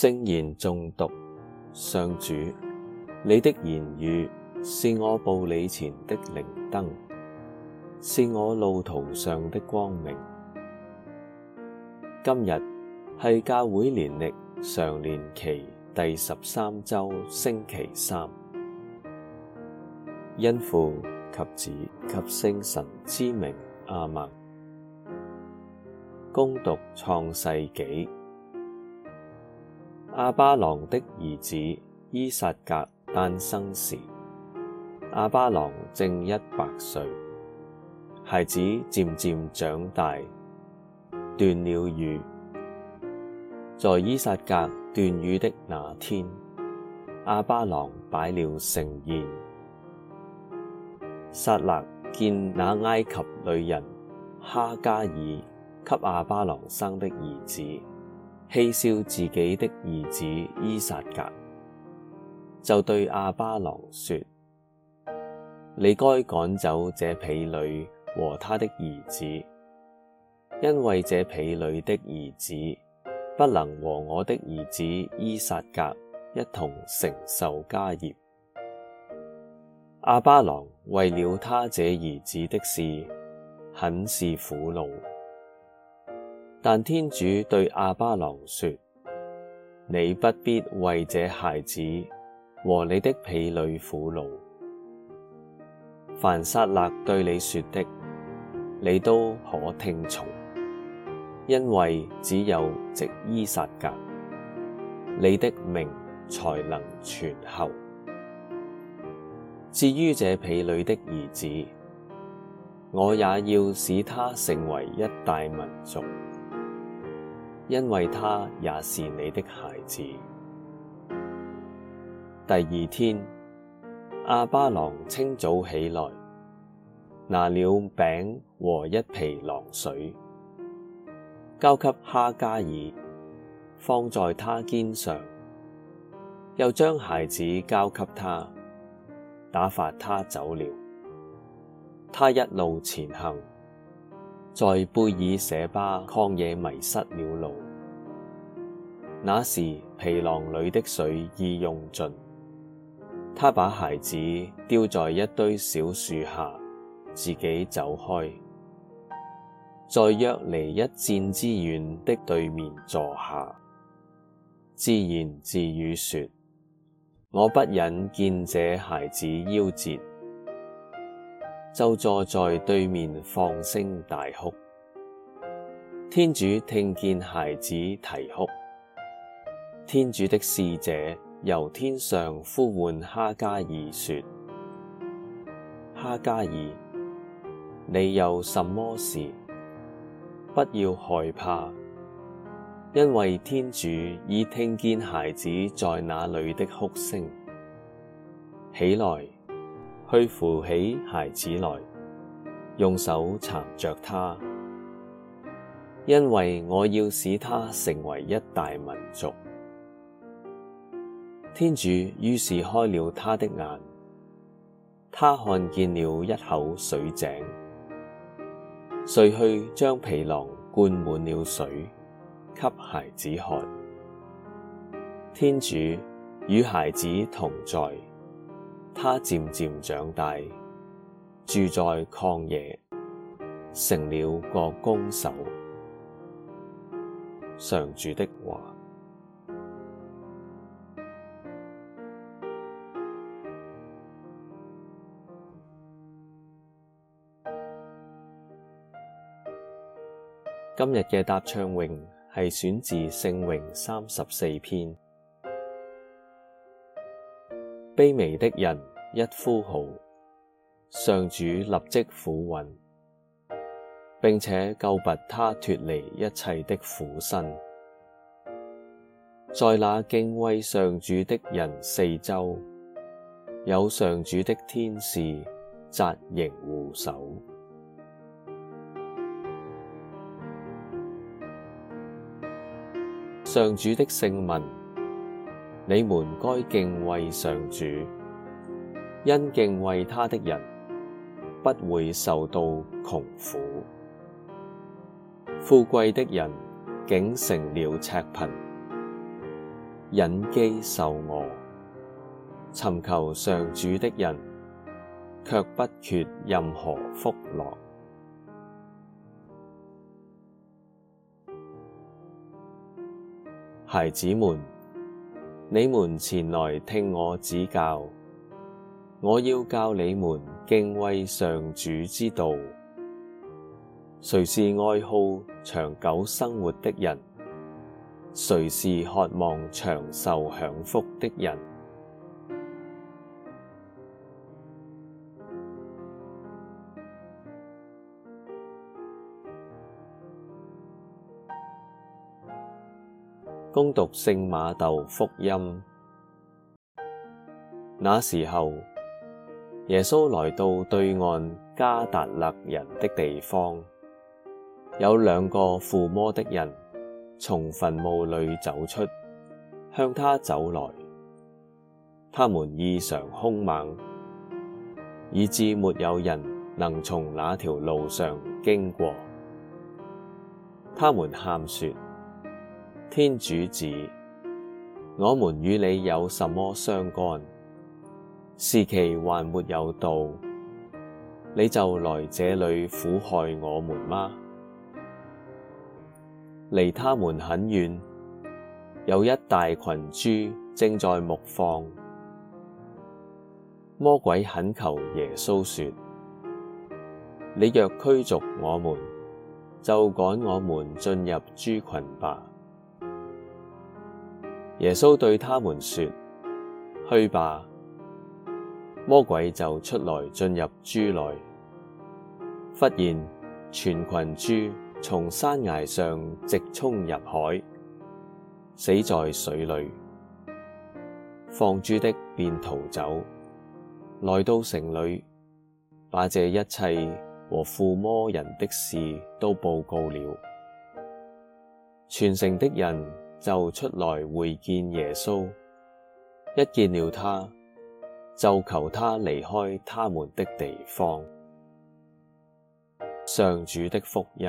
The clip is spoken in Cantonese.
聖言誦讀，上主，你的言語是我步履前的靈燈，是我路途上的光明。今日係教會年曆常年期第十三周星期三，因父及子及聖神之名，阿門。恭讀創世紀。亞巴郎的兒子依撒格誕生時，亞巴郎正一百歲。孩子漸漸長大，斷了乳。在依撒格斷乳的那天，亞巴郎擺了盛宴。撒辣見那埃及女人哈加爾給亞巴郎生的兒子，戲笑自己的兒子依撒格，就對亞巴郎說：你該趕走這婢女和她的兒子，因為這婢女的兒子不能和我的兒子依撒格一同承受家業。亞巴郎為了他這兒子的事，很是苦惱。但天主對亞巴郎說：你不必為這孩子和你的婢女苦惱。凡撒辣對你說的，你都可聽從，因為只有藉依撒格，你的名才能傳後。至於這婢女的兒子，我也要使他成為一大民族。因為他也是你的孩子。第二天，亞巴郎清早起來，拿了餅和一皮囊水，交給哈加爾，放在她肩上，又將孩子交給她，打發她走了。她一路前行。在貝爾舍巴曠野迷失了路，那時皮囊裏的水已用盡，他把孩子丟在一堆小樹下，自己走開，在約離一箭之遠的對面坐下，自言自語說：我不忍見這孩子夭折。就坐在對面放聲大哭。天主聽見孩子啼哭，天主的使者由天上呼喚哈加爾說：哈加爾，你有什麼事？不要害怕，因為天主已聽見孩子在那裏的哭聲。起來！去扶起孩子來，用手攙着他，因為我要使他成為一大民族。天主於是開了他的眼，他看見了一口水井，遂去將皮囊灌滿了水，給孩子喝。天主與孩子同在。他漸漸長大，住在曠野，成了個弓手。上主的話。今日嘅《答唱詠》係選自《聖詠》三十四篇。卑微的人一呼號，上主立即俯允，並且救拔他脫離一切的苦辛。在那敬畏上主的人四周，有上主的天使紮營護守。上主的聖民。你們該敬畏上主，因敬畏他的人，不會受到窮苦，富貴的人竟成了赤貧，忍飢受餓。尋求上主的人，卻不缺任何福樂，孩子們。你們前來聽我指教，我要教你們敬畏上主之道。誰是愛好長久生活的人？誰是渴望長壽享福的人？恭讀聖馬竇福音。那時候，耶穌來到對岸加達辣人的地方，有兩個附魔的人從墳墓裏走出，向他走來。他們異常兇猛，以致沒有人能從那條路上經過。他們喊說。天主子，我們與你有什麼相干？時期還沒有到，你就來這裏苦害我們嗎？離他們很遠，有一大群豬正在牧放。魔鬼懇求耶穌說：「你若驅逐我們，就趕我們進入豬群吧！」耶穌對他們說：去吧，魔鬼就出來進入豬內。忽然，全群豬從山崖上直衝入海，死在水裡。放豬的便逃走，來到城裡，把這一切和附魔人的事都報告了。全城的人。就出來會見耶穌，一見了他，就求他離開他們的地方。上主的福音。